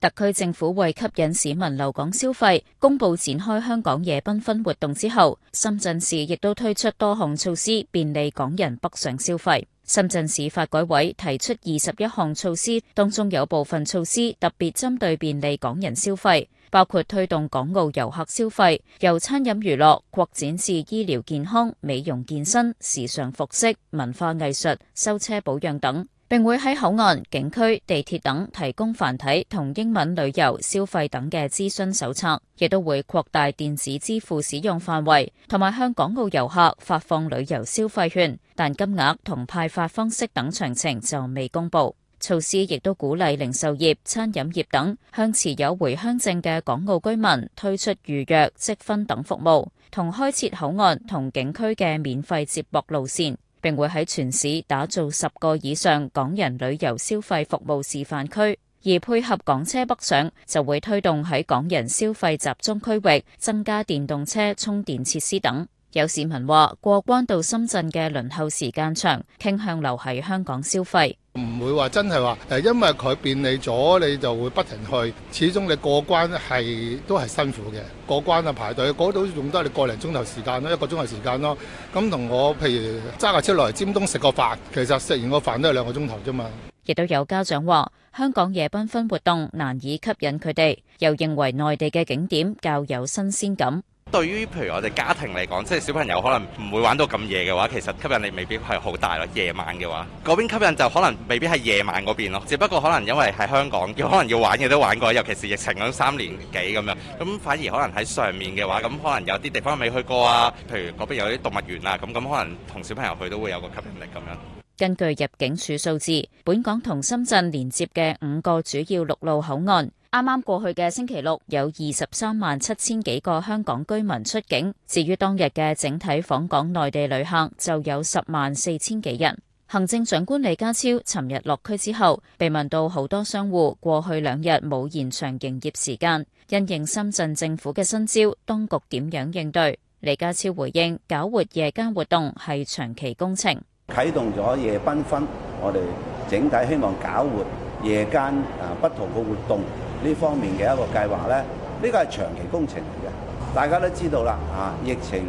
特區政府為吸引市民留港消費，公布展開香港夜繽紛活動之後，深圳市亦都推出多項措施便利港人北上消費。深圳市發改委提出二十一項措施，當中有部分措施特別針對便利港人消費，包括推動港澳遊客消費，由餐飲娛樂擴展至醫療健康、美容健身、時尚服飾、文化藝術、修車保養等。並會喺口岸、景區、地鐵等提供繁體同英文旅遊消費等嘅諮詢手冊，亦都會擴大電子支付使用範圍，同埋向港澳遊客發放旅遊消費券，但金額同派發方式等詳情就未公布。措施亦都鼓勵零售業、餐飲業等向持有回鄉證嘅港澳居民推出預約、積分等服務，同開設口岸同景區嘅免費接駁路線。並會喺全市打造十個以上港人旅遊消費服務示範區，而配合港車北上，就會推動喺港人消費集中區域，增加電動車充電設施等。有市民話過關到深圳嘅輪候時間長，傾向留喺香港消費。唔會話真係話，誒，因為佢便利咗，你就會不停去。始終你過關係都係辛苦嘅，過關啊，排隊嗰度用得你個零鐘頭時間咯，一個鐘頭時間咯。咁同我譬如揸架車落嚟尖東食個飯，其實食完個飯都係兩個鐘頭啫嘛。亦都有家長話香港夜繽紛活動難以吸引佢哋，又認為內地嘅景點較有新鮮感。對於譬如我哋家庭嚟講，即係小朋友可能唔會玩到咁夜嘅話，其實吸引力未必係好大咯。夜晚嘅話，嗰邊吸引就可能未必係夜晚嗰邊咯。只不過可能因為喺香港，可能要玩嘅都玩過，尤其是疫情嗰三年幾咁樣，咁反而可能喺上面嘅話，咁可能有啲地方未去過啊。譬如嗰邊有啲動物園啊，咁咁可能同小朋友去都會有個吸引力咁樣。根據入境處數字，本港同深圳連接嘅五個主要陸路口岸。啱啱過去嘅星期六，有二十三萬七千幾個香港居民出境。至於當日嘅整體訪港內地旅客，就有十萬四千幾人。行政長官李家超尋日落區之後，被問到好多商戶過去兩日冇延長營業時間，因應深圳政府嘅新招，當局點樣應對？李家超回應：搞活夜間活動係長期工程，啟動咗夜繽紛，我哋整體希望搞活夜間啊不同嘅活動。呢方面嘅一個計劃咧，呢個係長期工程嚟嘅。大家都知道啦，啊，疫情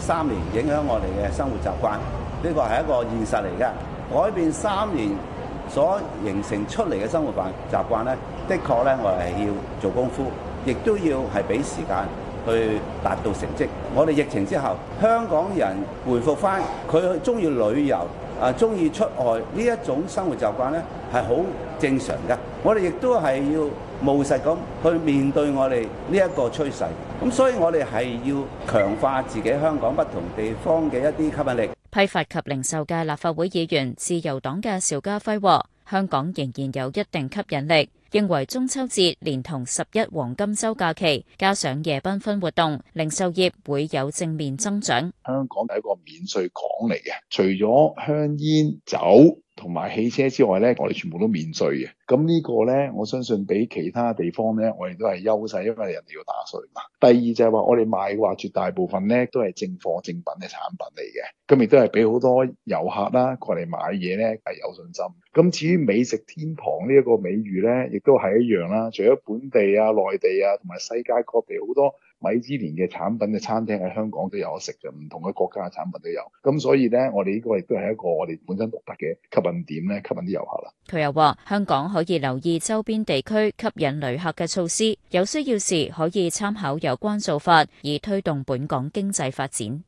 誒三年影響我哋嘅生活習慣，呢個係一個現實嚟嘅。改變三年所形成出嚟嘅生活習慣咧，的確咧，我係要做功夫，亦都要係俾時間去達到成績。我哋疫情之後，香港人回復翻佢中意旅遊啊，中意出外呢一種生活習慣咧，係好正常嘅。我哋亦都係要。務實咁去面對我哋呢一個趨勢，咁所以我哋係要強化自己香港不同地方嘅一啲吸引力。批發及零售界立法會議員、自由黨嘅邵家輝話，哦：香港仍然有一定吸引力。認為中秋節連同十一黃金周假期，加上夜繽紛活動，零售業會有正面增長。香港係一個免稅港嚟嘅，除咗香煙、酒同埋汽車之外咧，我哋全部都免稅嘅。咁呢個咧，我相信比其他地方咧，我哋都係優勢，因為人哋要打稅嘛。第二就係話，我哋賣嘅話，絕大部分咧都係正貨、正品嘅產品嚟嘅。咁亦都係俾好多遊客啦，過嚟買嘢咧係有信心。咁至於美食天堂呢一個美譽咧。亦都係一樣啦，除咗本地啊、內地啊，同埋世界各地好多米芝蓮嘅產品嘅餐廳喺香港都有得食嘅，唔同嘅國家嘅產品都有。咁所以呢，我哋呢個亦都係一個我哋本身獨特嘅吸引點咧，吸引啲遊客啦。佢又話：香港可以留意周邊地區吸引旅客嘅措施，有需要時可以參考有關做法，以推動本港經濟發展。